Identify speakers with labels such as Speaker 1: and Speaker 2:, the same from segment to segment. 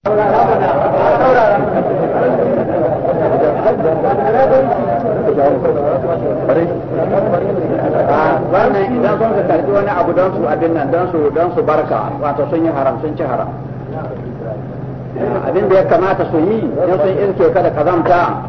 Speaker 1: wannan idan sun ka karbi wani abu don su abin nan don su don su barka wato sun yi haram sun ci haram abin da ya kamata su yi in sun iske kada kazamta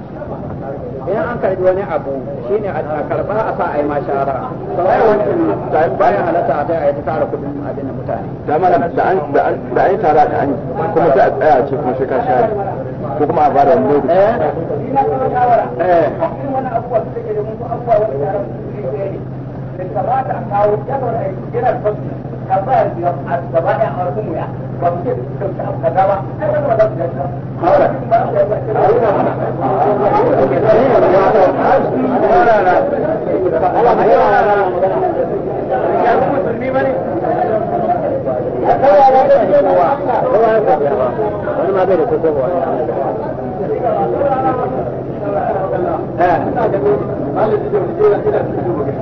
Speaker 1: idan an karbi wani abu shine a karba a sa ai mashara sai wancan bayan halatta a tai ta tara kudin abin da mutane da malam da an da an tara da an kuma sai a tsaya ce kuma sai ka share ko kuma a fara wani lokaci eh eh da kamata a kawo الأبواب الضبائع أرضية وبصير تمشي أبقى دواء أنا ما بدأت جدا هقولك لا لا لا أنا
Speaker 2: ما بيني تسوى ها ما اللي تجي وتجي كده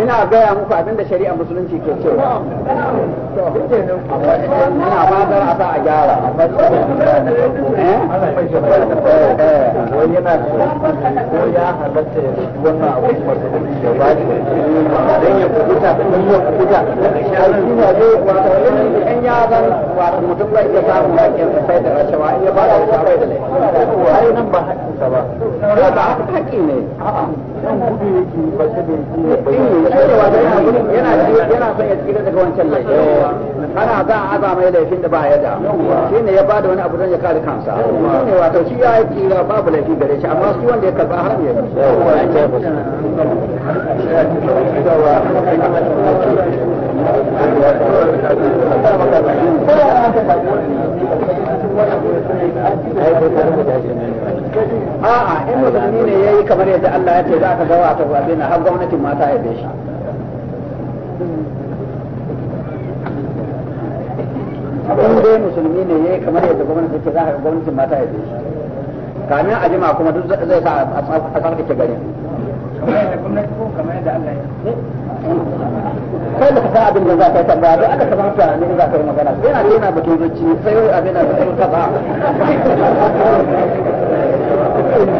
Speaker 1: ina gaya muku abin da shari'a musulunci ke cewa ina ba a a gyara ya ba iya ba ne a'a a yana son ya tsira daga wancan laifi ana za a aza mai laifin da ba ya da shi ne ya bada wani abu don ya kare kansa shi ne wato shi ya tsira babu laifi gare shi amma shi wanda ya karba har ne Thank a'a in musulmi ne ya yi kamar yadda Allah ya ce za ka ga wata abin har gwamnatin mata ya bi shi in dai musulmi ne ya yi kamar yadda gwamnati ce za ka gwamnatin mata ya bi shi kamin a jima kuma duk zai sa a tsarkake gari
Speaker 2: kamar yadda Allah
Speaker 1: ya kai da kasa abin da za ka yi tambaya don aka kama ta ne za ka yi magana yana yana batun zuci sai abin da ka yi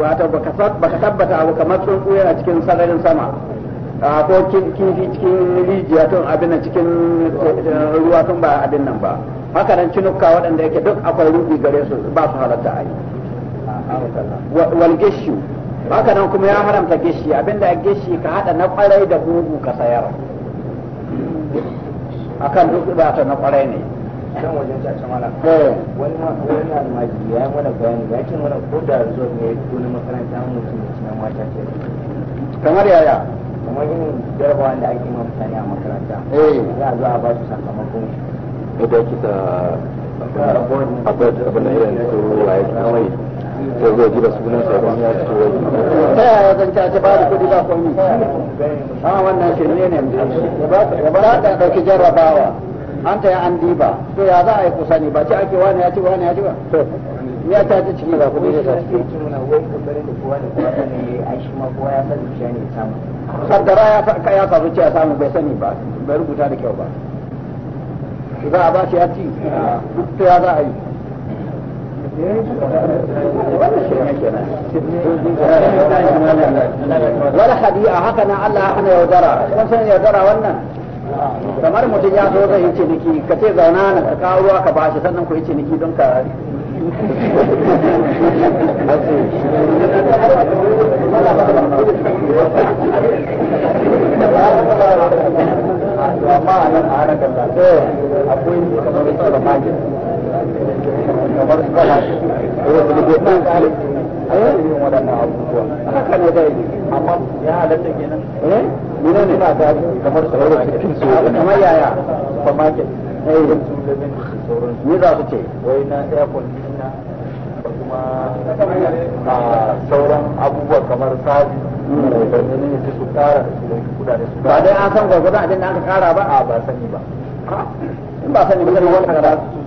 Speaker 1: wato baka tabbata abu kamar tsuntsu yana cikin sararin sama ko kifi cikin rijiya tun abin cikin eh, ruwa tun ba abin nan ba haka nan waɗanda yake duk akwai rubi gare su ba su halatta a yi wal gishu kuma ya haramta gishi abinda ya gishi ka haɗa na kwarai da gugu ka sayar akan duk ba ta na kwarai ne can wajen caca mala eh. wani wani almaji ya mana bayani ya ce mana ko da zuwa ne ya makaranta an mutum ya ci na mata ce kamar yaya kamar yin jarabawa da ake ma mutane a makaranta eh. za a zo a ba su sakamakon shi ita kisa akwai abin da irin su waye kawai sai zai ji da sunan sa ban ya ci wai ta yaya zan caca ba da kudi ba komi a ah, wannan shirme ne ba ta dauki jarrabawa an ta an diba to ya za a yi kusa ne ba ce ake wani ya ci wani ya ci ba ya ta ci ciki ba kuma ya ta ciki saddara ya ya kuma zuciya samu bai sani ba bai rubuta da kyau ba za a ba shi ya ci to ya za a yi wala hadi'a haka nan Allah ya hana yaudara kun san yaudara wannan kamar mutum ya zo zai yi ciniki ka ce zauna na ka kawo ruwa ka bashi sannan ku yi ciniki don ka akwai kamar irin waɗannan abubuwa haka ne amma ya halatta kenan eh mina ne kamar sauran kamar yaya eh. supermarket eh. za su ce wai na air conditioner kuma a ah, sauran abubuwa kamar sabi hmm. ne su su kara kudade su ba dai an san abin da aka kara ba a ah, ba sani ba in ba sani ba wani kara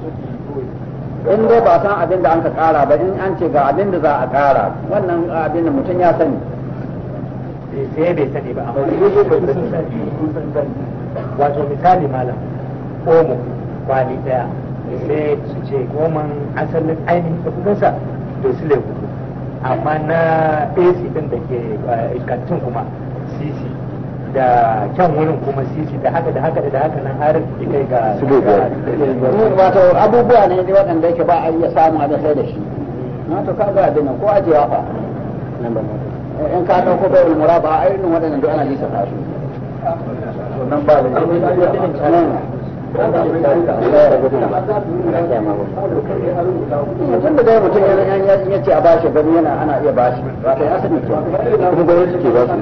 Speaker 1: in dai ba san abin da an ka kara ba in an ce ga abin da za a kara wannan abin da mutum ya sani eh, sai bai sani ba amma yi bai sani wato misali malam omo kwali daya sai su ce goman asalin ainihin kudinsa da su lebu amma na ac din da ke eh, kantin kuma cc da kyan wurin kuma sisi da haka da haka da haka nan har ya kai ga su wato abubuwa ne dai waɗanda yake ba a iya samu a sai da shi na to ka ga ko fa in ka dauko ulmura ba a irin waɗannan duk ana
Speaker 2: nan ba da mutum
Speaker 1: da mutum yana a bashi gani yana ana iya bashi kuma gwamnati ke ba su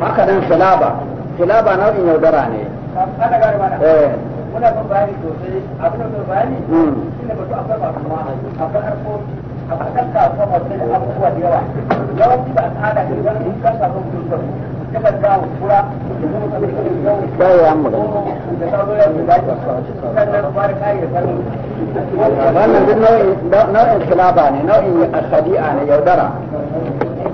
Speaker 1: haka nan sulaba sulaba nau'in yaudara ne muna son bayani sosai abin da mun bayani shine batu akwai masu ma'aji akwai harkoki akwai kan kasuwa masu da abubuwa da yawa yawanci ba a tsada da wani kan kasuwa mutum da yakan dawo kura da kuma tsamin da yawa da ya amma da sauran yau da dace sannan ba da kare sanin wannan duk nau'in nau'in sulaba ne nau'in khadi'a ne yaudara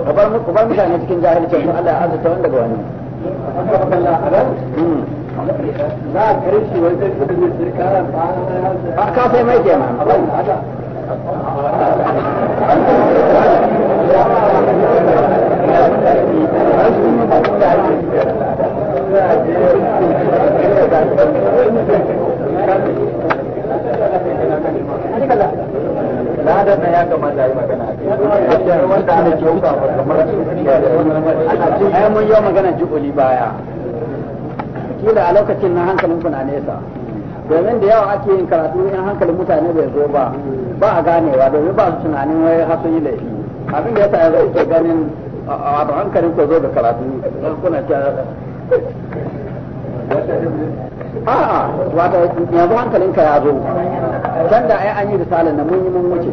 Speaker 1: kabar mu kabar mutane cikin jahilci mu Allah ya azurta wanda ga wani za a kare shi wani zai kudu mai shirka ba ka sai mai kenan
Speaker 2: ana kyauta kamar ai mun yi magana jubuli baya
Speaker 1: kila a lokacin na hankalin kuna nesa domin da yawa ake yin karatu in hankalin mutane bai zo ba ba a ganewa domin ba su tunanin wai har yi laifi abin da ya sa ya zai ke ganin a hankalin ko zo da karatu kuna ta a'a wata yanzu hankalinka ya zo can da ai an yi risalar da mun yi mun wuce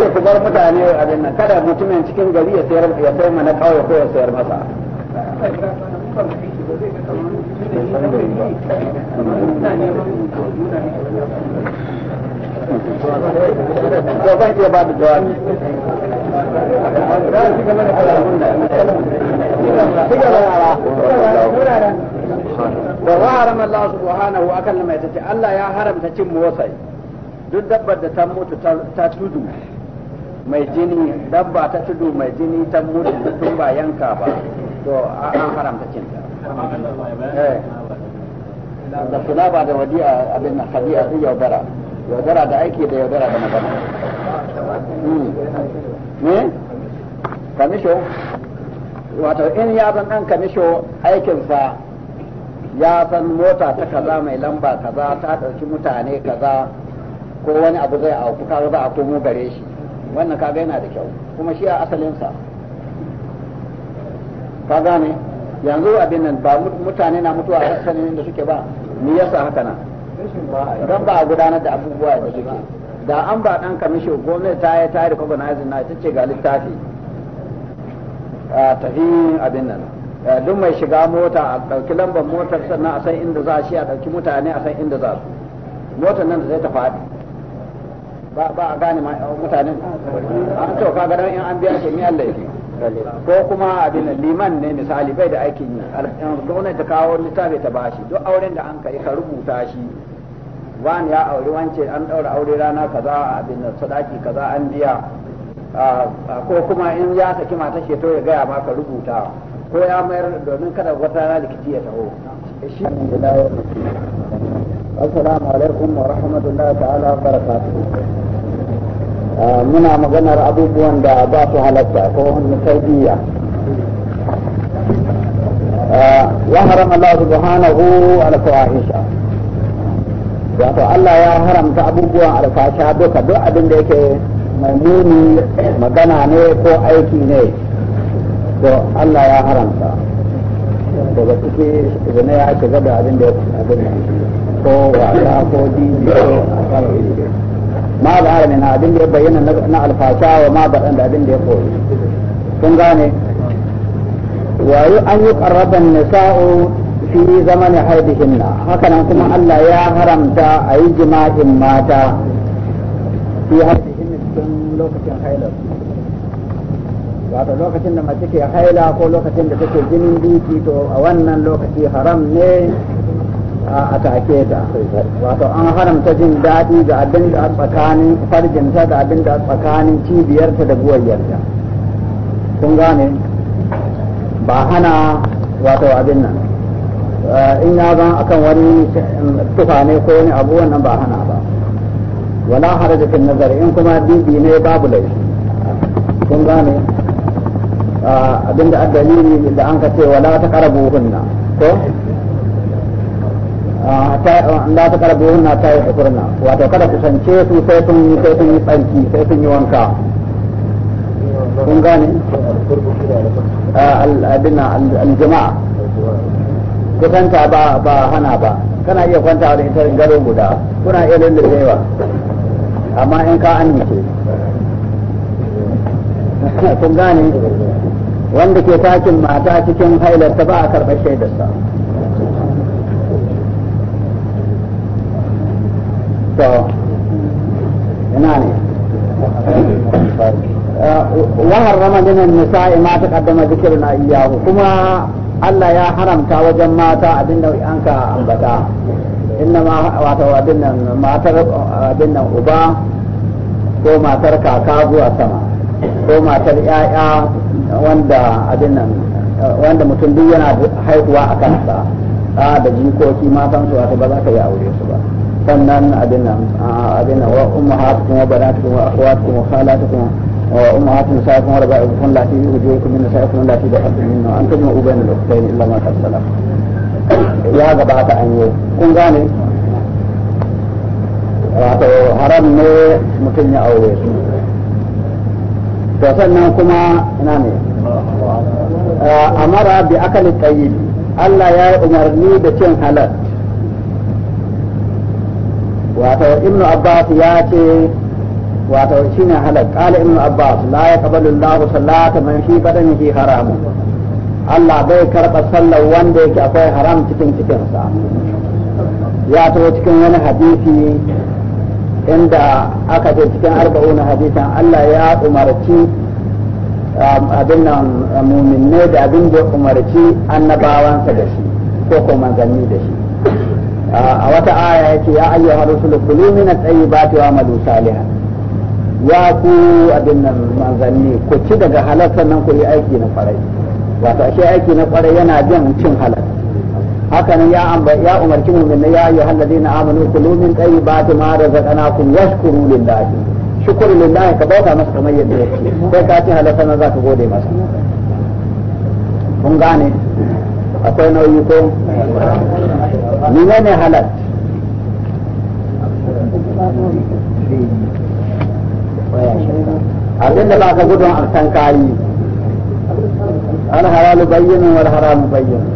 Speaker 1: ce ku bar mutane abin nan kada mutumin cikin gari ya sayar ya sayar mana kawai ko ya sayar masa to ban ke ba da jawabi wa harama Allah subhanahu wa tace Allah ya haramta cin motsai duk dabbar da ta mutu ta tudu mai jini dabba ta tudu mai jini ta mutu tun ba yanka ba to an haramta cin ta eh. da kula ba da a abin nan hadi'a su yaudara yaudara da aiki da yaudara da magana ne hmm. kamisho wato in ya zan an kamisho aikinsa ya san mota ta kaza mai lamba kaza ta ɗauki mutane kaza ko wani abu zai auku kaga za a komo gare shi wannan kaga yana da kyau kuma shi a asalinsa ka gane yanzu abin nan ba mutane na mutuwa a asalin da suke ba ni yasa haka nan don ba a gudanar da abubuwa da suke da an ba dan kamishi gwamnati ta yi ta yi recognizing na ita ce ga littafi a tafi abin nan duk mai shiga mota a ɗauki lambar motar sannan a san inda za shi a ɗauki mutane a san inda za su motar nan da zai ta faɗi ba ba a gane uh, mutanen an to ka dan in an biya shi ni Allah ko kuma abin liman ne misali bai da aikin yi uh, gwamnati ta kawo littafi ta bashi duk auren da an kai ka rubuta shi wani ya auri wance an daura aure rana kaza abin sadaki kaza an biya uh, ko kuma in ya saki mata shi to ya gaya ma ka rubuta ko ya mayar domin kada wata rana rikici ya taho shi السلام عليكم ورحمة الله تعالى وبركاته maganar abubuwan da ba su halatta ko wani tarbiyya ya ah, haram wato Allah ya haramta abubuwan alfasha duka duk abin da yake mai muni magana ne ko aiki ne to Allah ya haramta daga ciki zane ya ake gada abin da ya abin ko wasa ko jiji ko asara iri ma da na abin da ya bayyana na alfasa wa ma da abin da ya koyi sun gane wayo an yi ƙarraban nisa'u fi zamanin haidihinna hakanan kuma Allah ya haramta a yi jima'in mata fi haidihinna cikin lokacin hailarsu wato lokacin da mace ke haila ko lokacin da take jinin biki to a wannan lokaci haram ne a take ta wato an haramta jin daɗi ga abin da a tsakanin farjinta da abin da a tsakanin cibiyarta da buwayyarta kun gane ba hana wato abin nan eh, in ya zan akan wani tufa ko wani abu wannan ba hana ba wala harajatin nazari in kuma bibi ne babu laifi kun gane abinda an dalili da an ka ce wala ta karabu hunna ko da ta karabu hunna ta yi hukurna wato kada kusance su sai sun yi sai sun yi tsanki sai sun yi wanka kun gane abin aljama'a kusanta ba ba hana ba kana iya kwanta da ita gado guda kuna iya lullubewa amma in ka amince kun gane wanda ke takin mata cikin hailarta ba a karɓar shaidarsa to ina ne وحرم من النساء ما تقدم ذكرنا إياه kuma Allah ya haramta wajen mata abin da an ka ambata inna ma wato abin nan matar abin nan uba ko matar kaka zuwa sama ko matar 'ya'ya wanda abin nan wanda mutum duk yana haihuwa a kansa a da jikoki matan su wato ba za ka yi aure su ba sannan abin nan abin nan wa ummahatukum wa banatukum wa akhawatukum wa khalatukum wa ummahatukum sa'akum wa raba'ikum lati yujurukum min sa'ikum lati da dakhaltum minna an tajma'u bayna al-ukhtayn illa ma qad salaf ya gabata an yi kun gane wato haram ne mutum ya aure su to sannan kuma ina ne ah, amara bi akali tayyib Allah ya yi umarni da cin halal wato ibnu abbas ya ce wato shine halal qala ibnu abbas la yaqbalu Allahu salata man fi badanihi haramun Allah bai karba sallar wanda yake akwai haram cikin cikinsa ya to cikin wani hadisi inda aka ce cikin arba'una hadisan Allah ya umarci um, abin nan muminne da abin da umarci annabawansa da shi ko ko manzanni da shi a wata aya ya ce ya ayyuha rusulu kulu min at-tayyibati wa amalu salihan ya ku abin nan manzanni ku ci daga halal sannan ku yi aiki na kwarai wato ashe aiki na kwarai yana jin cin halal haka nan ya amba ya umarci mu'min ya ayyuha alladhina amanu kulu min tayyibati ma razaqnakum washkuru lillahi shukuru lillahi ka bauta masa kamar yadda yake sai ka ci halatta nan za ka gode masa kun gane akwai nauyi ko ni ne halal abin da ba ka gudun a kan kayi al halalu bayyana wal haramu bayyana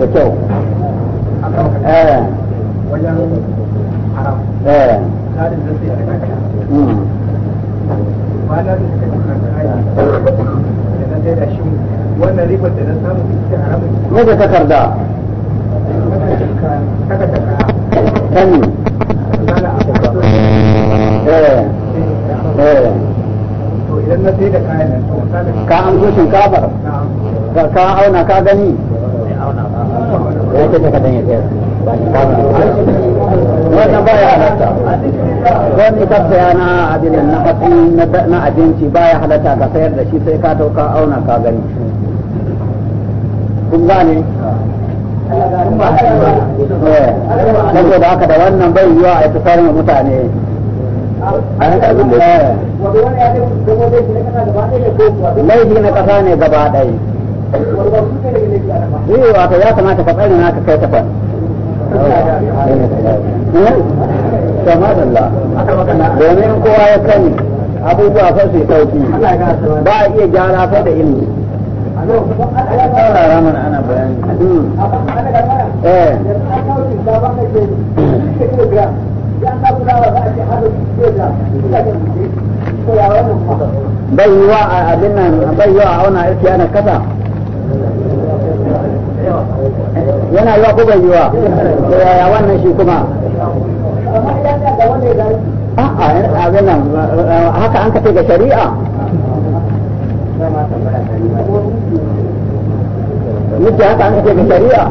Speaker 1: da kyau kaka eh. eh. hmm. eh. ne da takarda ka an zo shinkafar ka auna ka gani ya ce ta kadan ya baya halatta na abin na hatsi na abinci halatta ka sayar da shi sai ka to ka auna ka gani kun gane haka da wannan bai yiwa a ita sarin laifi na kasa ne gaba ɗaya Yi wato ya kamata ka na ka kai kafa eh? domin kowa ya sani abubuwa fa su sauki ba a iya gyara da ilimi ana bayani hmm. eh bai yi wa abin nan bai yi wa auna iske ana kasa yana yiwa ko bai yiwa to yaya wannan shi kuma a'a abin nan haka an kace ga shari'a muke haka an kace ga shari'a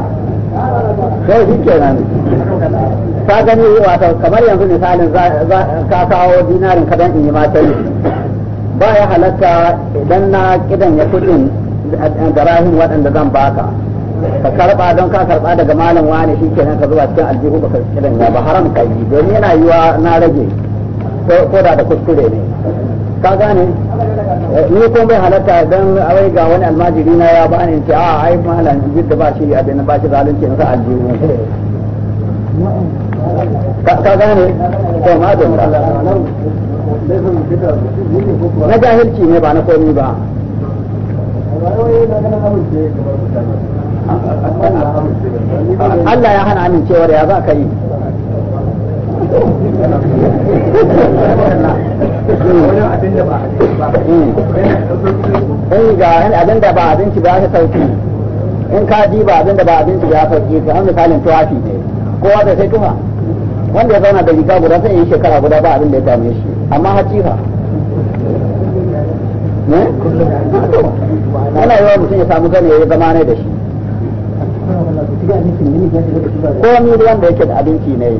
Speaker 2: sai shi kenan
Speaker 1: ka gani wato kamar yanzu misalin ka kawo dinarin kadan in yi mata ba ya halatta idan na kidan ya kudin da eh, rahim waɗanda zan baka ka karba don ka karba daga malam wani shi kenan ka zuba cikin aljihu baka kiran ya ba haram ka yi yana yiwa na rage ko da da kuskure ne ka gane eh, ni ko bai halatta don awai ga wani almajiri na ya bani ce a ah, ai malam da ba shi abin ba shi zalunci na sa aljihu ka gane to ma don na jahilci ne ba na komi ba Allah ya hana amincewar ya za ka yi in eh, ga abin da ba abinci ba ya sauki in ka ji ba abin da ba abinci ba ya sauki ka hannu misalin tuwafi ne kowa da sai kuma wanda ya zauna da riga guda sai yi shekara guda ba abin da ya same shi amma hacifa ne? Eh? ana wa mutum ya samu gane ya zama ne da shi komi ruwan da yake da abinci ne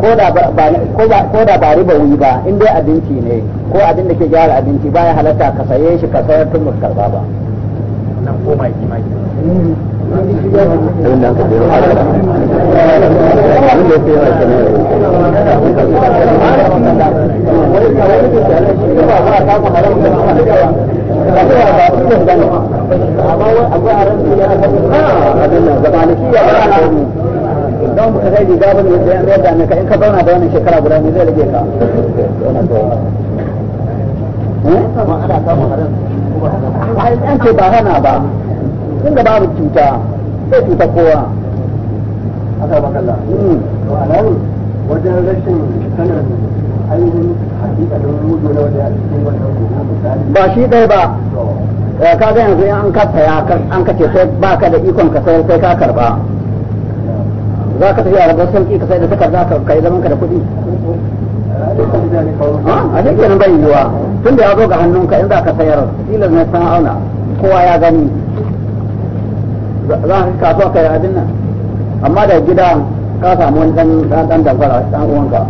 Speaker 1: ko da ba riba wuyi ba in dai abinci ne ko abin da ke gyara abinci ba ya halatta ka saye shi ka sayar tun musu karba ba don ka zai riga bane da yan yadda ne ka in ka zauna da wannan shekara guda ne zai rage ka an ce ba hana ba tun da babu cuta sai cuta kowa haka bakalla wajen rashin sanin ba shi ɗaya ba eh, ka ga yanzu an ka an ka sai ba ka da ikon ka sai sai ka karba za ka tafi a rabar sauki ka sai da za ka kai zaman ka da kuɗi a cikin kenan bai yiwuwa tun da ya zo ga hannunka in za ka sayar tilas ne san auna kowa ya gani za ka kasuwa kai abin nan amma da gida ka samu wani dan dan dangwara dan uwanka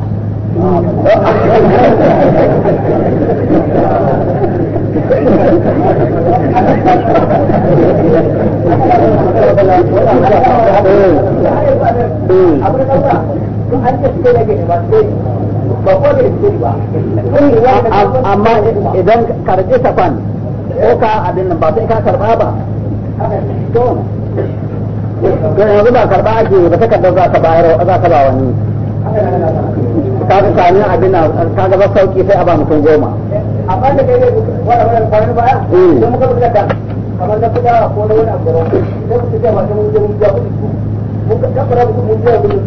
Speaker 1: amma idan karɓi safan ko ka abin nan ba sai ka karɓa ba to yanzu ba karɓa ake ba kaddar za ka bayar za ka ba wani ka ga kamin abin ka ga sauki sai a ba mutum goma amma da kai ne kwanan baya don muka buga ta kamar na kuda ko na wani abu da su ce masu mun je mun biya Mun su mun kafara mutum mun biya kuɗi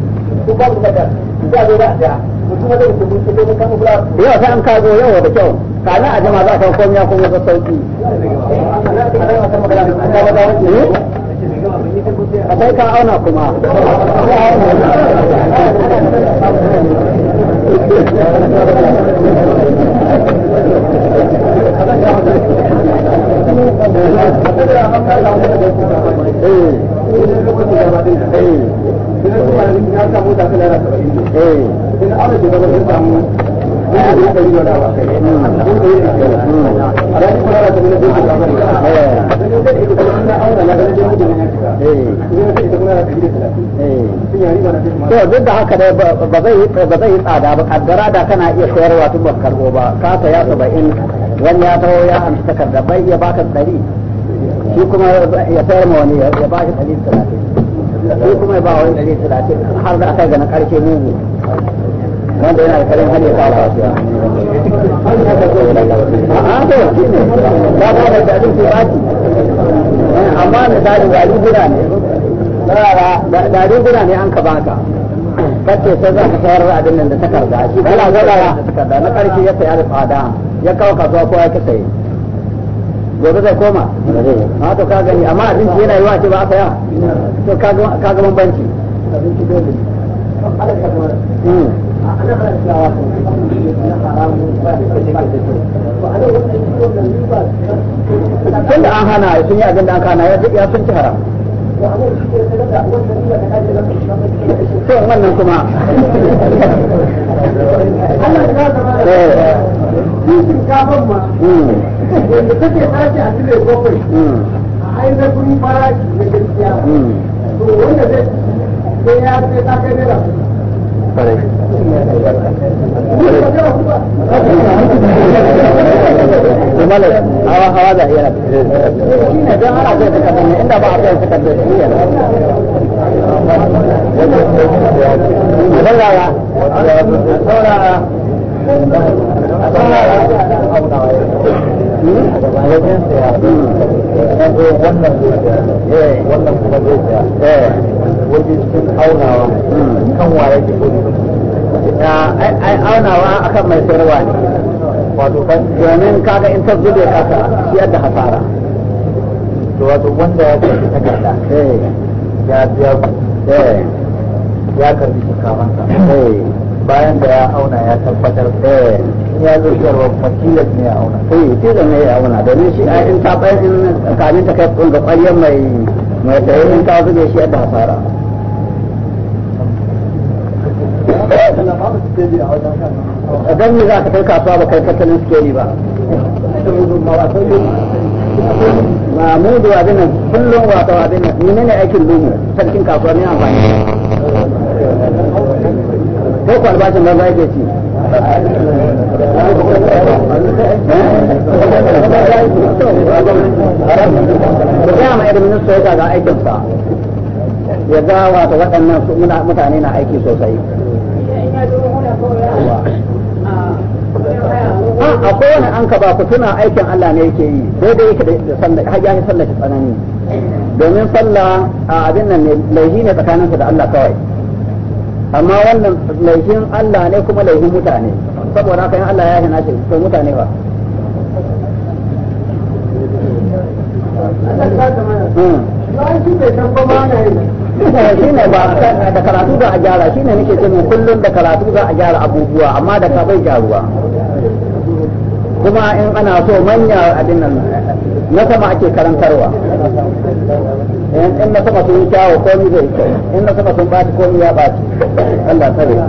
Speaker 1: su ba mu da ta za a da mutum ma zai mun ce mun kama fura yau sai an kago yau da kyau kana a jama'a za ka komiya kuma da sauki akwai ka auna kuma Eh. eh. eh. eh. to duk da haka dai ba zai yi tsada ba kaddara da kana iya sayarwa tun ba karbo ba ka wani ya ya takarda bai baka shi kuma ya sayar ma wani ya talatin shi kuma ya ba wani talatin har da aka na karshe mugu wanda yana da karin hanyar kawo ba ba da dadin amma guda ne dari guda ne an ka baka kace sai za ka sayar da abin nan da takarda shi kana da takarda na karshe ya saya da tsada ya kawo kasuwa ko ya kace gobe zai koma a to ka gani amma abinci yana yi wace ba a saya to ka abinci dole hmm. tun da an hana sun yi abin da an hana ya sun ci haram to wannan kuma wanda take tashi a cikin bakwai a ainihin farashi na gaskiya to wanda zai ya sai ta kai naira پڑے رہا
Speaker 2: Eh, eh. wajen
Speaker 1: akan mai sayarwa domin kaga in ta kasa shi hasara to wato wanda ya karbi takarda eh. ya biya ya karbi bayan da ya auna ya tabbatar eh ya zo shirwa kuma tilas ne ya auna eh tilas ne ya auna domin shi a in taɓa in kamin ta kai ga ƙwaryar mai mai tsaye in ta zuge shi da a dan ne za ka kai kasuwa ba kai tattalin sikeli ba ma mu da abin kullum wata abin nan ne ne aikin lumu sarkin kasuwa ne amfani kai ku albashin banza yake ci ku gaya ma irin minista ya aikinsa ya ga wata waɗannan mutane na aiki sosai a kowane an ka ba ku tuna aikin Allah ne yake yi daidai yake da sallah har sallah tsanani domin sallah a abin nan ne laihi ne tsakaninsa da Allah kawai amma wannan laifin Allah ne kuma laifin mutane saboda haka in Allah ya hina shi to mutane ba hmm. shi ne ba da karatu za a gyara shi ne nake cewa kullum da karatu za a gyara abubuwa amma da ka bai gyaruwa kuma in ana so manya abin nan na sama ake karantarwa eh, in na sama sun kyawo komi zai kyau in na sama sun ɓaci komi ya ɓaci Allah tare eh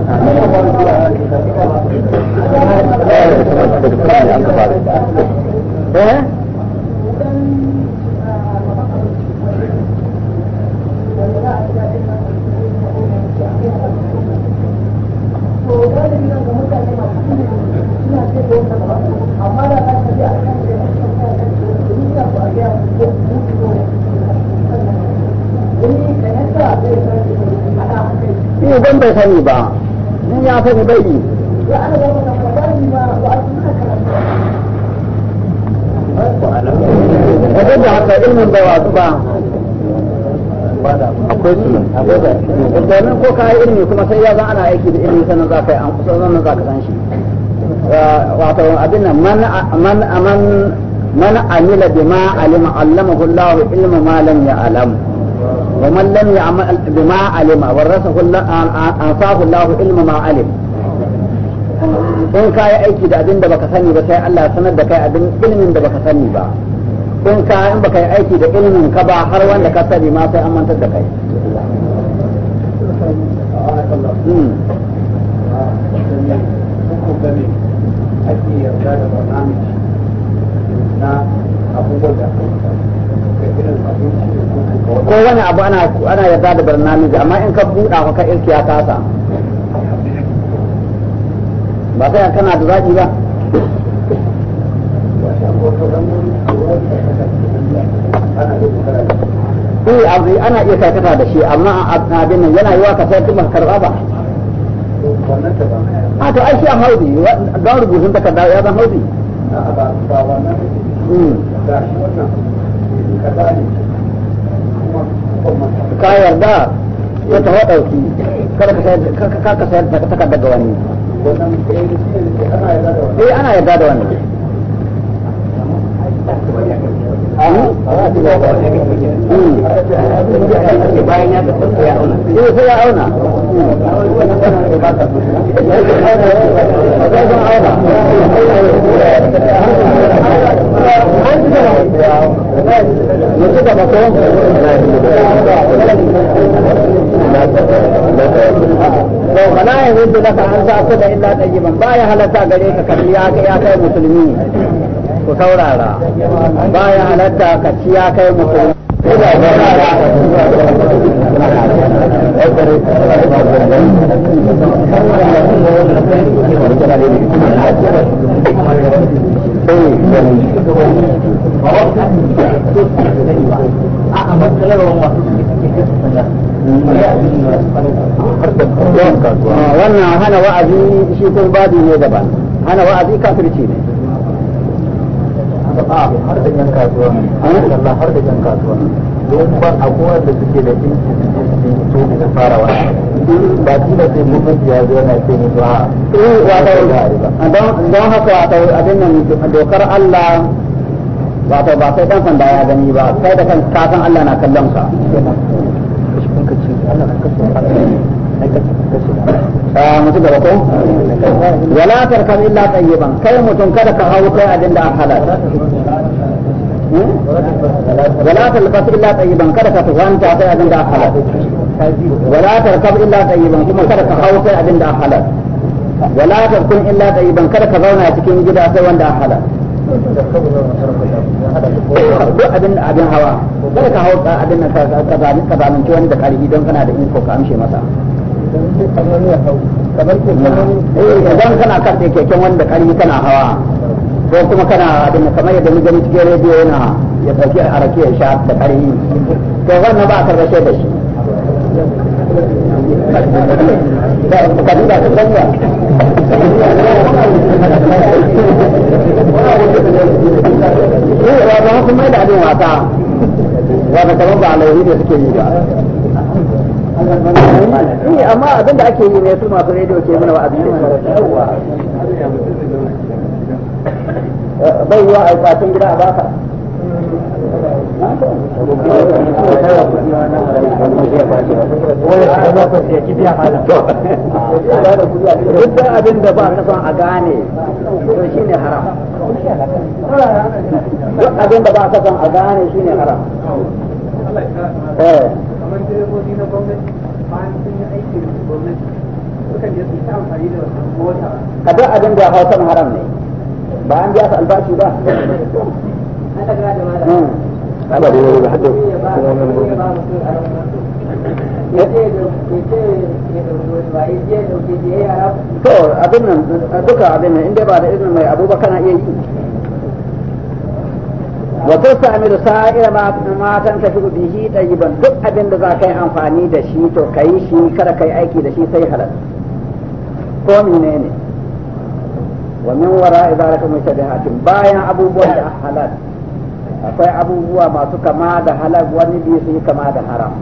Speaker 2: amma da
Speaker 1: shi ban bai sani ba in ya sani bai yi Wajen da haka ilmin bai wasu ba. Akwai su Domin ko ka yi ilmi kuma sai ya zan ana aiki da ilmi sannan za ka yi an kusa sannan za ka san shi. Wato abin nan man man man amila bima alima allamahu Allah ilma ma lam ya'lam. ومن لم يعمل بما علم ورثه أنصاه الله علم ما علم in ka yi aiki da abin da baka sani ba sai Allah sanar da kai abin ilimin da baka sani ba in ka in baka yi aiki da ilimin ka ba har wanda ka sani ma sai an mantar da kai
Speaker 2: na abubuwan da ko wani abu ana ana yarda
Speaker 1: da barnamiji amma in ka buɗa ka ilkiya ta kasa ba sai kana da zaki ba Eh abu ana iya karkata da shi amma abin nan yana yiwa ka sai kuma karba ba a ah, to ai shi a haudi don rubutun takarda ya zan haudi
Speaker 2: ba wannan
Speaker 1: hmm. ka yarda ya taho ɗauki kada sayar da takardar ga wani eh ana yarda da wani To mana ya wuce daga an sa ku da illa ta jiban ba ya halatta gare ka kalli ya kai ya kai musulmi ku saurara ba ya halatta ka ci ya kai musulmi. Thank you. wannan hana wa'azi shi kun babi ne daban hana wa'azi kafirci ne har da yan kasuwa Allah har da yan kasuwa don ba a kowa da suke da in su su da fara wa. ba shi da sai gwamnati ya zo yana ce musu eh, a eh wato don haka a wato abin nan dokar Allah wato ba sai dan sanda ya gani ba sai da kan kasan Allah na kallon sa mu ci wala illa tayyiban kai mutum kada ka hau kai abin da an halal wala talbas illa tayyiban kada ka tuhanta kai abin da an halal wala illa tayyiban kuma kada ka kai abin da an wala illa tayyiban kada ka zauna cikin gida sai wanda an halal duk abin abin hawa kada ka hawo abin nan ka zalunci wani da karfi don kana da info ka amshe masa idan kana karfe keken wanda ƙarfi kana hawa ko kuma kana abin kamar yadda gani cikin rediyo yana ya ɗauki a rake ya sha da ƙarfi to wannan ba a karɓe da shi ba kuma da abin wasa wata kamar ba alaihi da suke yi ba eh amma abin da ake yi ne su masu rediyo ke mana wa'azi eh, bai yiwa a kwacin gida a baka duk da abin da ba ka son a gane to shi ne haram duk abin da ba ka son a gane shi ne haram eh. ka duk abin da hausan haram ne ba an biya su albashi ba da hmm. da to abin nan duka abin nan inda ba da izinin mai abubakar na iya yi wa da sa'ira ma bihi duk abin da za ka yi amfani da shi to kai shi kada kai aiki da shi sai halal ko menene wa min wara ibaratu mushabihatin bayan abubuwan da halal akwai abubuwa masu kama da halal wani biyu su yi kama da haram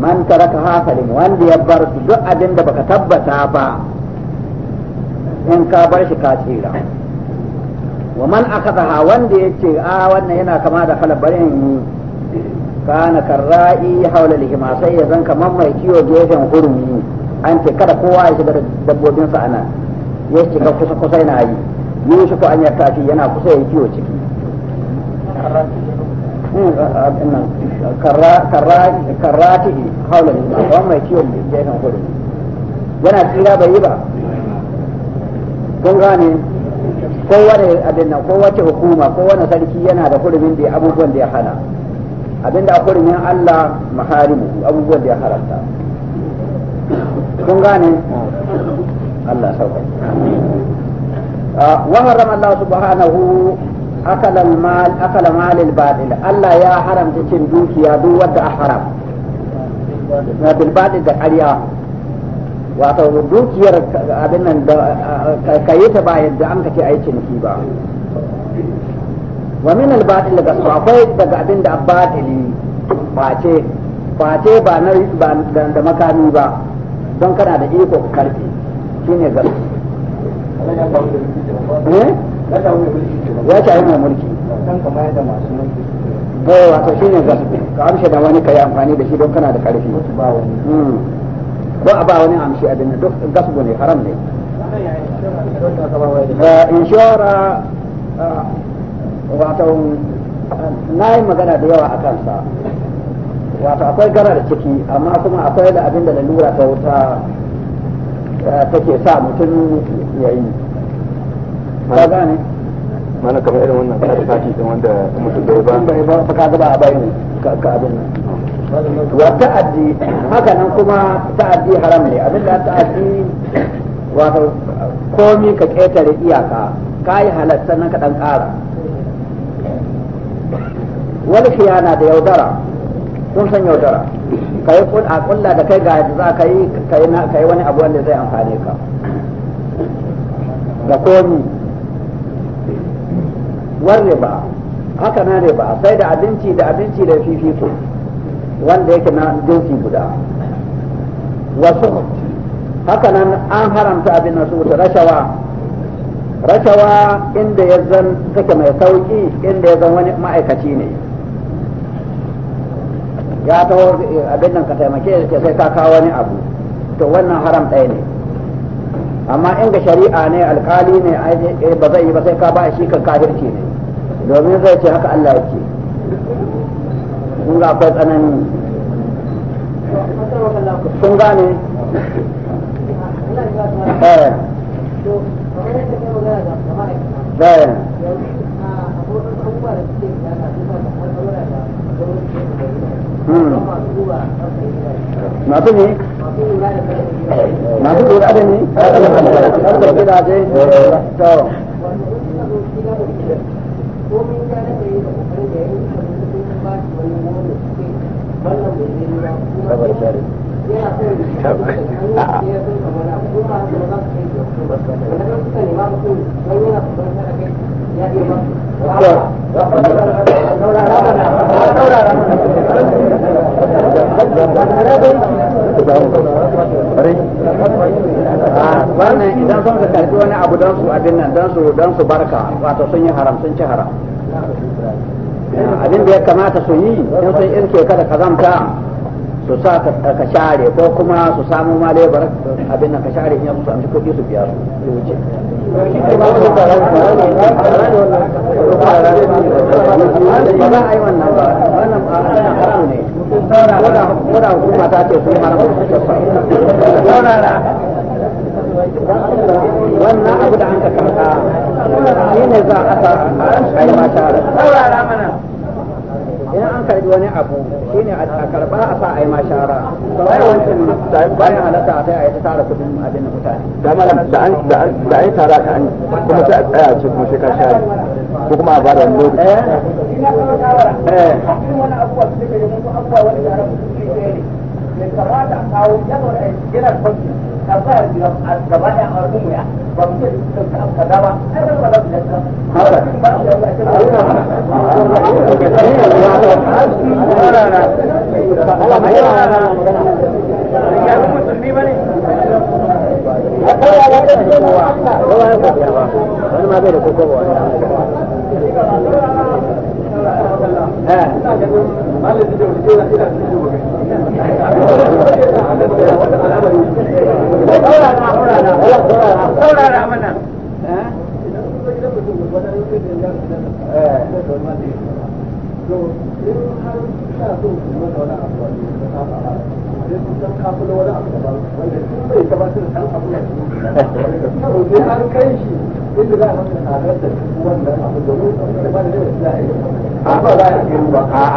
Speaker 1: man taraka hafalin wanda ya bar su duk abin da baka tabbata ba in ka bar shi ka tsira wa man akadaha wanda ya ce a ah, wannan yana kama da halal bari in kana karra'i haula lihima sai ya zan kamar mai kiwo gefen hurumi an ce kada kowa ya shiga dabbobin sa ana ya shiga kusa kusa yana yi yi shi ko an yarta kafi yana kusa ya yi kiwo ciki hmm, karrati haula ba kawai mai mai gefen kudu yana tsira bai yi ba kun gane da abin nan ce hukuma na sarki yana da hurumin da abubuwan da ya hana abinda a hurumin Allah maharimu abubuwan da ya haramta kun gane Allah sauka ah, wa harama Allah subhanahu akala mal akala mal al batil Allah ya haramta cin dukiya duk wanda a haram na bil batil da ƙarya wato dukiyar abin nan da kayi ta ba yadda an kace ai ciniki ba wa min al batil da akwai daga abin da batili face face ba na ba da makami ba don kana da iko ka shi ne gaba eh? ya ce a mai mulki eh wato shine gaba ka amshe da wani ka yi amfani da shi don kana da karfi hmm. ko a ba wani amshi abin duk gasbo ne haram ne inshora ah, wato na yi magana da yawa a kansa wato akwai gara da ciki amma kuma akwai da abin da lalura ta wuta eh, take sa mutum ya yi ka gane mana kamar irin wannan kati kati din wanda mutum bai ba bai ba ka ga ba a bayin ka abin nan wa ta'addi haka nan kuma ta'addi haram ne abin da ta'addi wato komi ka ketare iyaka ka yi halatta nan ka dan ƙara wani khiyana da yaudara sun san yaudara ka yi a kulla da kai ga za ka yi ka yi wani abu wanda zai amfane ka da komi wan ba haka na ne ba sai da abinci da abinci da fifiko wanda yake na jinsi guda wasu haka nan an haramta abin nasu rashawa rashawa inda ya zan take mai sauki inda ya zan wani ma'aikaci ne ya taho abin nan ka taimake ce sai ka kawo wani abu to wannan haram ɗaya ne amma in ga shari'a ne alkali ne eh, ba zai yi ba sai ka ba shi ka kafirci ne domin zai ce haka Allah yake kun ga akwai tsanani sun gane
Speaker 2: eh, eh. masu ne masu lura da ne harkar Ah,
Speaker 1: wannan idan sun ka karbi wani abu don su abin nan don su don su barka wato sun yi haram sun ci haram abin da ya kamata su yi in sun irke kada kazamta su sa ka share ko kuma su samu ma lebar abin nan ka share in ya musu amshi kuɗi su biya su wuce wannan abu
Speaker 2: da an ka kama ne ne za a sa a yi mata
Speaker 1: faɗi wani abu shi ne a karɓa a sa a yi mashara bayan wancan bayan halatta a sai a yi ta tara kudin abin da mutane da malam da an da an da an tara ka an kuma sai a tsaya ce kuma sai ka share ko kuma a bada wani lokaci eh eh kamata a kawo yana da yana kabar biyu ya ba mu bai da kokobo wani wani abu da ba wanda sun bai gabatar a ɗan abu
Speaker 2: da su har kai shi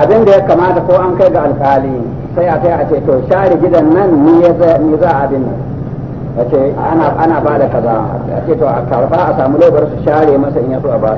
Speaker 1: abin da ya kamata ko an kai ga alkali sai a kai a ce to share gidan nan ni za a abin nan a ce ana ba da kaza a ce to a karfa a samu lobar su share masa in ya so a ba ba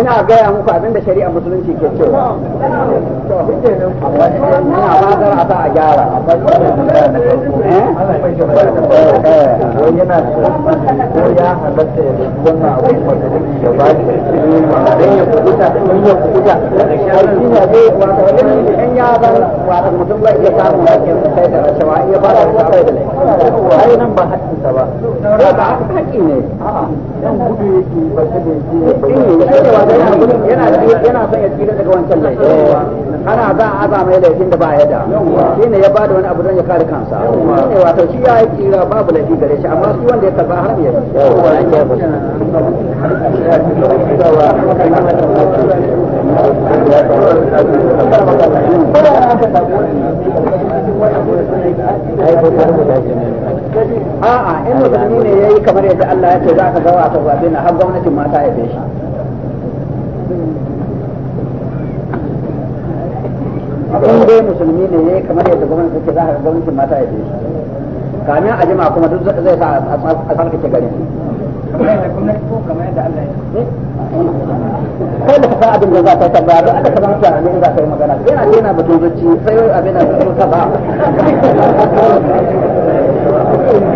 Speaker 1: ina gaya muku abin da shari'a musulunci ke cewa ina fatan a a gyara eh? ba ne iya rashawa da ba ba ba yana son ya tsira daga wancan laifin ana za a aza mai laifin da ba ya da shi ne ya ba da wani abu don ya kare kansa shi ne wato shi ya yi kira babu laifi gare shi amma shi wanda ya karba har ya yi a'a in musulmi ne yayi kamar yadda Allah ya ce za ka ga wa ba na har gwamnatin mata ya bi shi in dai musulmi ne yayi kamar yadda gwamnati take za ka ga gwamnatin mata ya bi shi kamin a jima kuma duk zai sa a tsarkake garin kamar yadda gwamnati ko kamar yadda Allah ya kai da kasa abin da za ta tambaya don aka kama ta ne za ta yi magana sai a na batun zuci sai abin da ta ba ana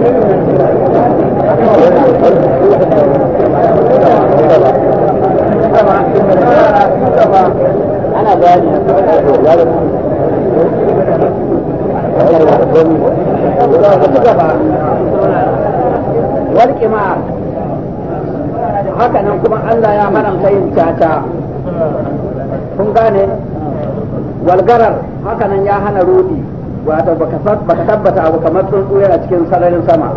Speaker 1: bayani haka nan kuma Allah ya haramta yin caca kun gane walgarar haka nan ya hana rudi wato baka tabbata abu kamar tsuntsu yana cikin sararin sama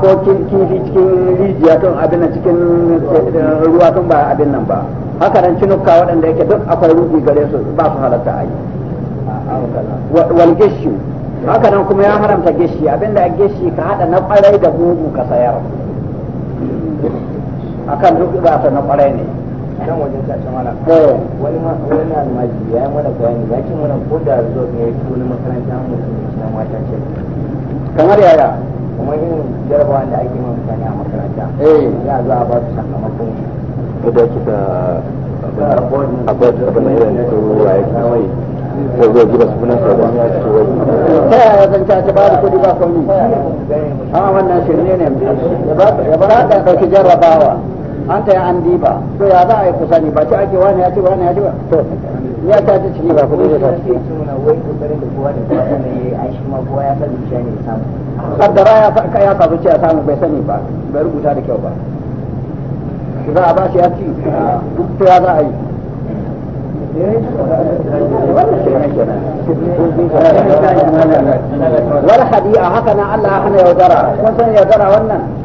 Speaker 1: ko kifi cikin rijiya tun abin nan cikin eh, eh, ruwa tun ba abin nan ba haka nan cinukka waɗanda yake duk akwai rubi gare su ba su halatta a yi wal gishi haka nan kuma ya haramta gishi abinda a gishi ka haɗa na ƙwarai da mugu ka sayar akan duk ba ta na ƙwarai ne can wajen sashen wala eh. wani wani almaji ya yi mana bayani ya ce mana ko da resort ne ya fi wani makaranta an mutum ne shi mata ce kamar yaya kuma irin jarabawa da ake ma mutane a makaranta eh. ya za a ba su sakamakon da kika abin abin irin su ruwa ya kuma yi ko zai zuba sunan
Speaker 2: sa wani ya ce wai ta yaya
Speaker 1: zan ta ta ba da kudi ba kwami a wannan shirme ne ya ba ta ɗauki jarrabawa an ta yi an diba to ya za a yi kusa ne ba ce ake wani ya ce wani ya ce ba to ya ta ta ciki ba ku ne ta ciki wai kokarin da kowa da kowa ne yayi an shi ma kowa ya san zuciya ne samu kaddara ya fa ya ka zuciya samu bai sani ba bai rubuta da kyau ba za a ba shi ya ci duk to ya za a yi wal a haka na Allah ya hana yaudara kun san yaudara wannan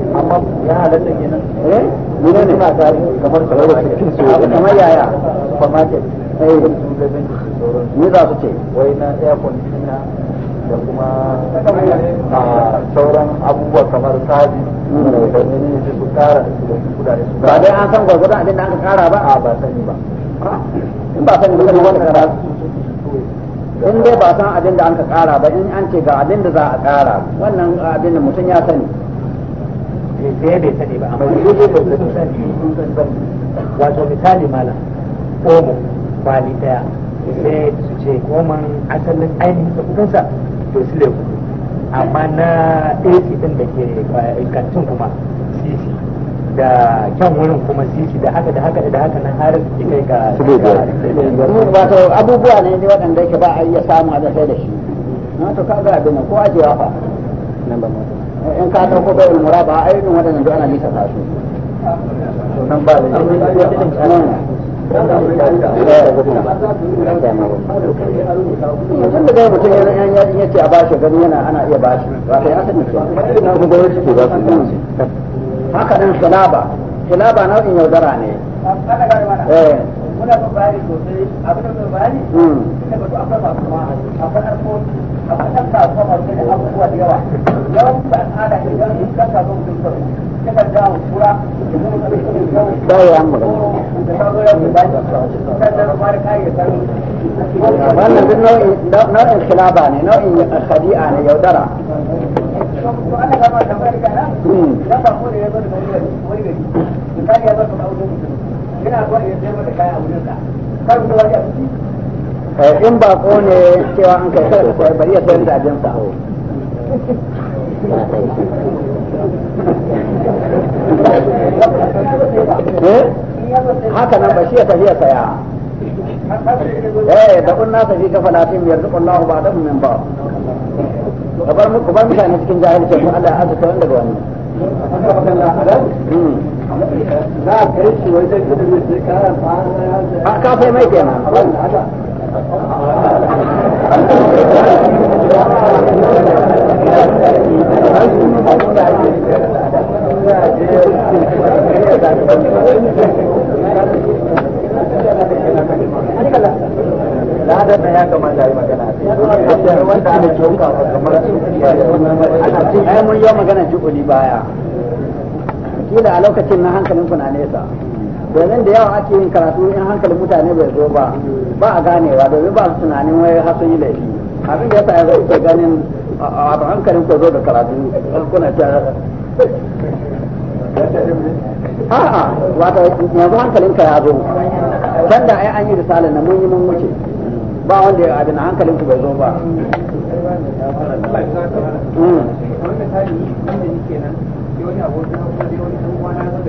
Speaker 1: amma ya halatta kenan eh mun ne ba ta kamar su kamar yaya supermarket eh ni za su ce wai na air conditioner da kuma a ah, sauran abubuwa kamar sabi hmm. da menene su kara su kudade su ba dai an san gwargwadon abin da aka kara ba a ah, ba sani ba ah. in ba sani ba wani kara in dai ba san abin da an ka kara ba in an ce ga abin da za a kara wannan abin da mutum ya sani bai bai sani ba amma yau zai bai sani wato misali malam omo kwali daya sai su ce koman asalin ainihin tsakukansa to su lebu amma na ac din da ke kantin kuma cc da kyan wurin kuma sisi da haka da haka da haka nan har ki kai ga wato abubuwa ne ne waɗanda ke ba a iya samu a da sai da shi na to kaga abin ko fa nan ba in ka bai mura ba a irin waɗannan duk ana nisa ta su nan ba da da mutum yana yan yadin yace a bashi gani yana ana iya bashi ba ba gwamnati ke ba su haka salaba salaba nau'in yaudara ne eh muna son bayani sosai abin da son bayani ba su akwai masu ma akwai harkoki akwai ɗan kasuwa masu ganin abubuwa da yawa yawanci da idan in ɗan kasuwa mutum sauri yakan dawo kura da zuwa ƙarfi da yawan da sauran yau da bani sannan ba da kayan sani wannan duk nau'in kilaba ne nau'in khadi'a ne yaudara ana kama tambayar kana dan ba ko ne ya ya yana zuwa sayar da kaya kar mu eh, in ba ko ne cewa an kai sai ko bari ya sayar da abinsa eh,
Speaker 2: haka nan ba shi ya
Speaker 1: tafiya saya eh da kun nasa fi kafa yanzu ba min ba mutane cikin jahilci ko Allah ya wanda ga wani hmm. za a kai shi wajen mun jikuli baya kila a lokacin na hankalin ku na nesa domin da yawa ake yin karatu in hankalin mutane bai zo ba ba a ganewa domin ba su tunanin wai har sun yi laifi abin da yasa zai ke ganin a hankalin ku zo da karatu kuna ta a'a wato yanzu hankalin ka ya zo can da ai an yi risala na mun yi mun wuce ba wanda ya abin hankalin ku bai zo ba
Speaker 2: hmm. wani abokin ko wani ɗan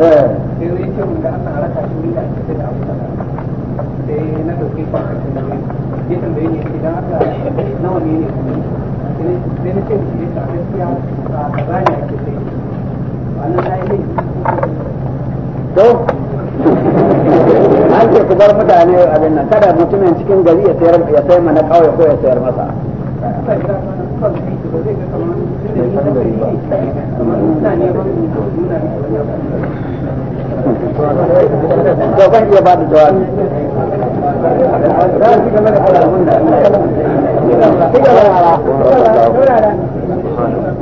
Speaker 2: eh. sai zai ce mun ga an tsara
Speaker 1: shi da da abu sai na ɗauki da ya tambaye aka nawa ne ne sai na ce mu shi ta gaskiya a a sai na yi to an ce ku bar mutane abin nan kada mutumin cikin gari ya sayar mana ƙauye ko ya sayar masa ban iya ba da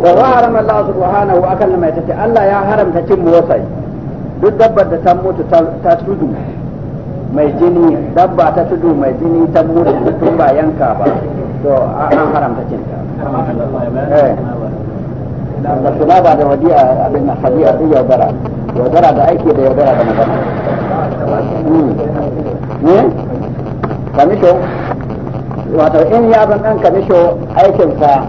Speaker 1: jawabi wa Allah subhanahu wa mai Allah ya haramta cin wasai duk dabbar da ta mutu ta tudu mai jini dabba ta tudu mai jini ta mutu tun ba yanka ba to an haramta cin da kula eh. ba da wadiya abin na hadiya duk yaudara yaudara da aiki da yaudara da magana ne hmm. kamisho wato in ya san ɗan kamisho aikinsa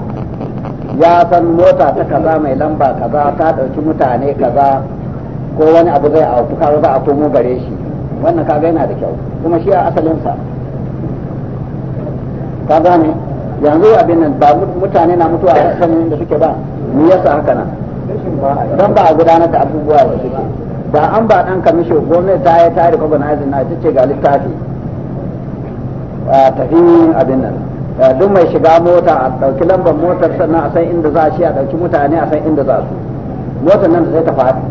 Speaker 1: ya san mota ta kaza mai lamba kaza ta ɗauki mutane kaza ko wani abu zai auku kaza za a komo gare shi wannan kaga yana da kyau kuma shi a asalinsa ka gane yanzu abin nan ba mutane na mutuwa a kan da suke ba ni yasa haka nan dan ba a gudanar da abubuwa da suke da an ba dan kamisho gwamnati ta yi tare organizing na ta ce ga littafi a tafi abin nan duk mai shiga mota a ɗauki lambar motar sannan a san inda za shi a ɗauki mutane a san inda za su motar nan da sai ta faɗi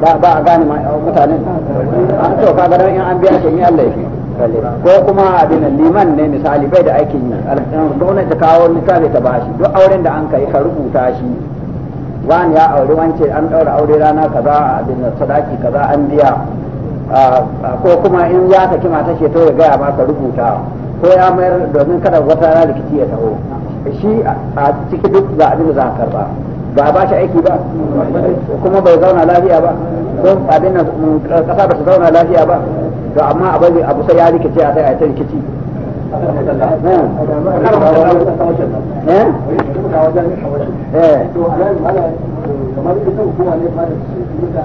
Speaker 1: ba a gane mutane an to ka ga in an biya shi ni Allah ya ko kuma abin liman ne misali bai da aikin yi gwamnati ta kawo misali ta bashi duk auren da an kai ka rubuta shi wani ya auri wance an daura aure rana kaza abin sadaki kaza an biya ko kuma in ya saki mata ce to ya gaya ma ka rubuta ko ya mayar domin kada wata rana rikici ya taho shi a ciki duk za abin da za a karba ba a bashi aiki ba kuma bai zauna lafiya ba don abin nan kasa ba su zauna lafiya ba to amma a bari abu sai ya rikice a sai a ta rikici eh? eh?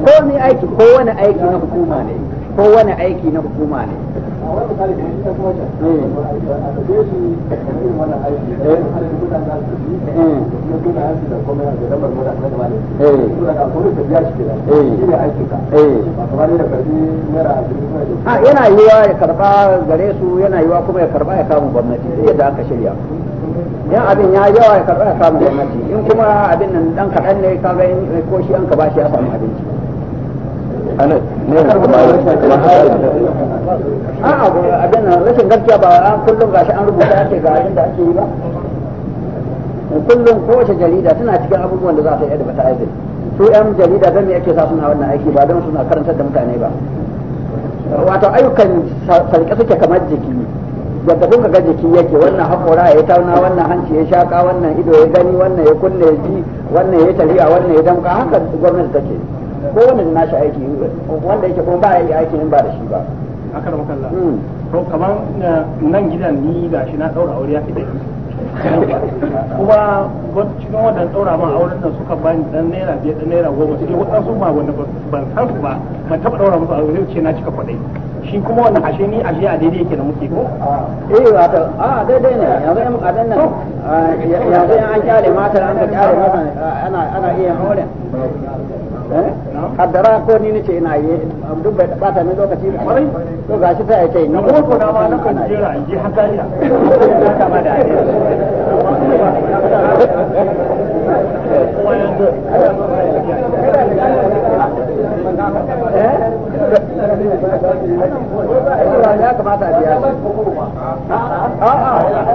Speaker 1: ko ni aiki ko wani aiki na hukuma ne ko wani aiki na hukuma ne a eh, eh. yana yiwa ya karba gare su yana yiwa kuma ya karba ya kama gwamnati duk yadda aka shirya in abin ya yawa ya karba ya kama gwamnati in kuma abin nan dan kaɗan ne kawai ko shi an ka bashi ya samu abinci ana ne a'a abin rashin gaskiya ba an ah, kullum gashi an rubuta ake ga abin ake yi ba kullum kowace jarida tana cikin abubuwan da za ta yi advertising su yan jarida zan me ake sa suna wannan aiki ba don suna karantar da mutane ba wato ayyukan sarki suke kamar jiki yadda kun ga jiki yake wannan haƙora ya eh, tauna wannan hanci ya eh, shaƙa wannan ido ya eh, gani wannan ya kulle ya ji wannan ya tariya wannan ya damƙa haka gwamnati take ko wanda da nashi aiki wanda yake kuma ba ya yi aikin in ba da shi ba akan makalla hmm. to kamar eh, nan gidan ni ga shi na daura aure ya fi da kuma cikin wannan daura man auren nan suka bani dan naira biyar dan naira goma sai waɗansu ma wanda ban san su ba ban taɓa daura musu aure ce na cika kwaɗai shi kuma wannan ashe ni ashe a daidai yake da muke ko eh wato a daidai ne yanzu in a nan yanzu an kyale matar an ka kyale masa ana ana iya auren kaddara eh? ko ni nace ina yi duk bai da bata ni lokaci da kwarai to gashi sai ta yake ni ko ko da ma na kan jira in ji hakariya
Speaker 2: ka kama eh? da eh? ai
Speaker 1: ake ya kamata a biya a'a ah, ah, ah.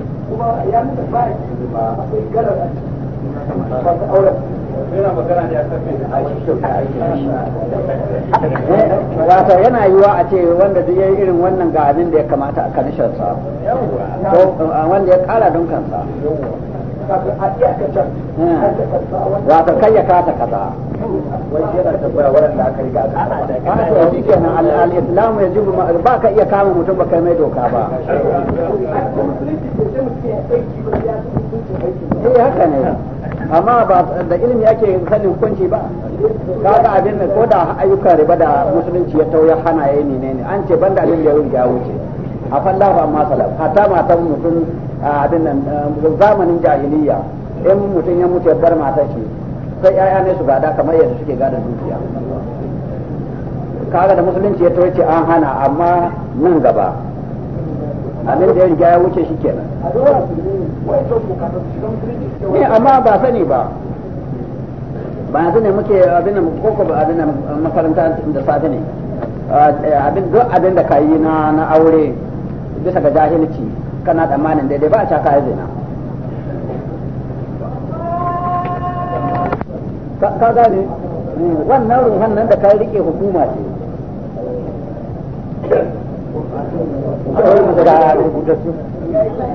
Speaker 1: kuma ya nuna ba a ba akwai garar a cikin auren wato yana yiwa a ce wanda duk yayi irin wannan ga abin da ya kamata a kanisharsa wanda ya kara don kansa hmm. Wata kai ya kata kaza da al-islamu yajibu ba ka iya kama mutum ba kai mai doka ba
Speaker 2: eh haka ne
Speaker 1: amma ba da ilimi ake sanin hukunci ba kaga abin da ko da ayyukan riba da musulunci ya tauya hana yayi ne ne an ce banda abin da ya wuce ya wuce a fallafa ma salaf hatta matan mutum abin nan zamanin jahiliya in mutum ya mutu ya bar matar shi sai ƴaƴa ne su gada kamar yadda suke gada dukiya kaga da musulunci ya tauye ce an hana amma nan gaba abin da ya riga ya wuce shi kenan ne eh, amma ba sani ba ba yanzu ne muke abin da koko ba abin da makaranta da safe ne ah, eh, abin duk abin da kayi na na aure bisa ga jahilci kana tsammanin daidai ba a ca kayi zina ka gane eh, wannan ruhan nan da kayi rike hukuma ce
Speaker 2: da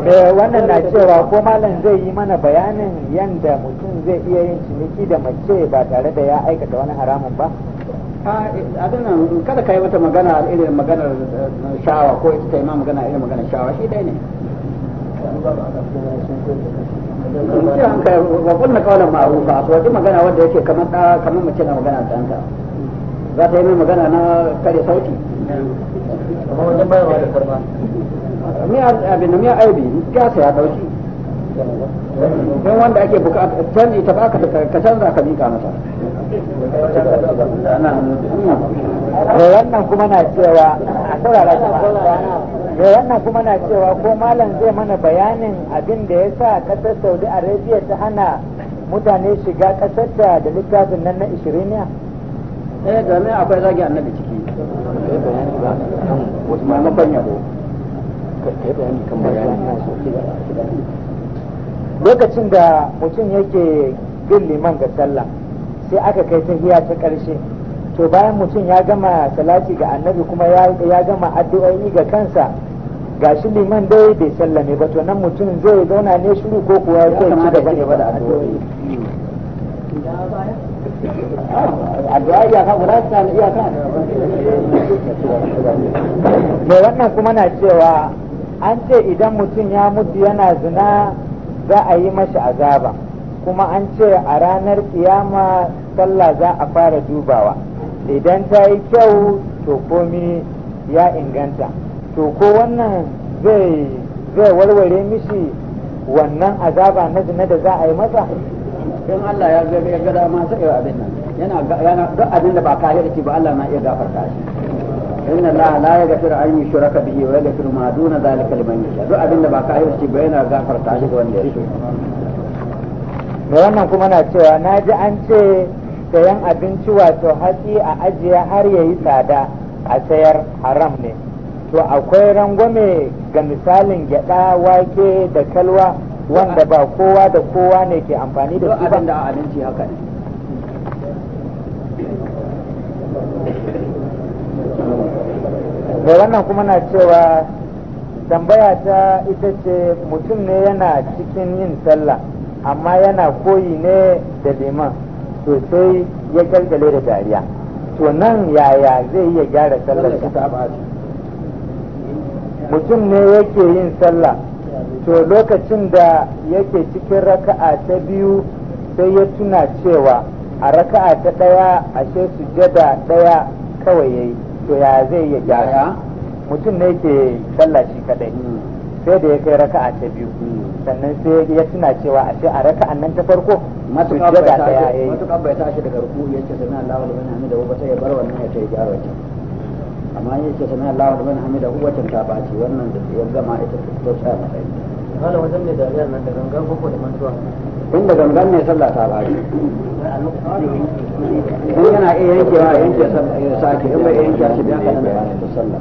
Speaker 2: eh, wannan na cewa
Speaker 1: ko malam zai yi mana bayanin yadda mutum zai iya yin ciniki da mace ba tare da ya aikata wani haramun ba kada ka yi mata magana irin maganar eh, shawa ko ita ta yi ma magana irin maganar shawa shi dai ne mutum an kai wa kunna kawalan ma'arufa wajen magana wanda yake kamar kamar mace na magana da za ta yi mai magana na kare sauti wajen bayarwa da karba abin da aibi ya dauki don wanda ake bukata ta ba ka canza ka mika masa wannan kuma na cewa a saurara wannan kuma na cewa ko malam zai mana bayanin abin da ya sa kasar saudi arabia ta hana mutane shiga kasar da littafin nan na ishiriniya eh akwai zagi annabi ciki lokacin da mutum yake bin liman ga sallah sai aka kai ta hiya ta karshe to bayan mutum ya gama salati ga annabi kuma ya gama addu'o'i ga kansa gashi shi liman dai bai sallame ba to nan mutum zai zauna ne shiru ko kuwa sai ci gaba da addu'o'i addu'a mai wannan kuma na cewa an ce idan mutum ya mutu yana zina za a yi mashi azaba kuma an ce a ranar kiyama sallah za a fara dubawa idan ta yi kyau to komi ya inganta to ko wannan zai warware mishi wannan azaba na zina da za a yi masa in Allah ya ga ya gada ma sai abin nan yana yana duk abin da ba kafirci ba Allah na iya gafarta
Speaker 2: shi
Speaker 1: inna Allah la yaghfiru an yushraka bihi wa yaghfiru ma duna zalika liman yasha duk abin da ba kafirci ba yana gafarta shi ga wanda ya shi da wannan kuma na cewa na ji an ce sayan abinci wato hatsi a ajiye har yayi tsada a sayar haram ne to akwai rangwame ga misalin gyada wake da kalwa wanda ba kowa da kowa ne ke amfani da su ba da haka ne
Speaker 2: da wannan kuma na
Speaker 1: cewa tambaya ta ita ce mutum ne yana cikin yin sallah amma yana koyi ne da liman sosai ya galgale da dariya to nan yaya zai iya gyara sallar mutum ne yake yin sallah to lokacin da yake cikin raka'a ta biyu sai ya tuna cewa a raka'a ta ɗaya ashe jada ɗaya kawai yayi to ya zai ya gyara mutum ne ke sallah shi kadai hmm. sai da ya kai raka'a ta biyu hmm. sannan sai ya tuna cewa ashe a raka'an nan ta farko sujada ɗaya yayi matuƙar bai tashi daga ruku yace sannan Allahu liman hamida da wata ya bar wannan ya tayi gyara wancan amma yin ce sanar Allah wani hamida huwacin ta baci wannan da ya gama ita ta ta sa matsayi kala wajen ne dariya nan da gangan koko da mantuwa inda gangan ne sallah ta ɓaci
Speaker 2: in yana iya yankewa ya yanke sake in bai iya yankewa shi biya kanan da ba ta sallah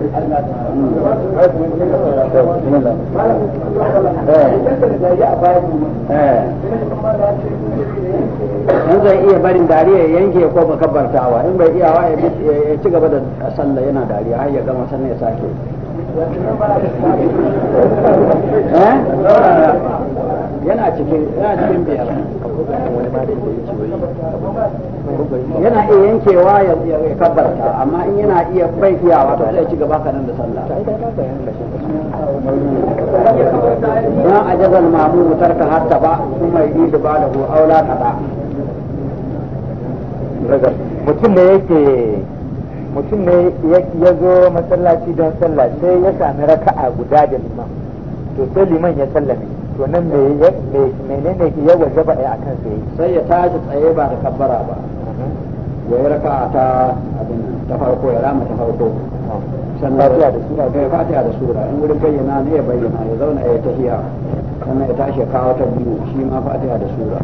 Speaker 2: in zai
Speaker 1: iya barin dariya ya yanke ko makabbartawa in bai iya wa ya ci gaba da sallah yana dariya har ya gama sannan ya sake
Speaker 2: eh? yana cikin biyar
Speaker 1: yana iya yankewa ya kabbarta amma in yana iya bai iya wato zai ci gaba kanan da sallah na ajazal mamu tarka hatta ba kuma yi da ba da ko aula ba mutum ne yake mutum ne ya zo masallaci don sallah sai ya sami raka'a guda da liman to sai liman ya sallame to nan me menene ke yawa zaba a kan sai sai ya tashi tsaye ba da kabbara ba mhm. ya yi raka ta abin ta farko ya rama ta farko ah. sannan da sura kai eh, fatiha da sura in wurin bayyana ne ya bayyana ya zauna ya tahiya sannan ya tashi kawo ta biyu shi ma fatiha da sura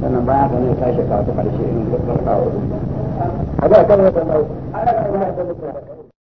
Speaker 1: sannan bayan haka ne ya tashi kawo ta karshe in raka wa a ba
Speaker 2: kan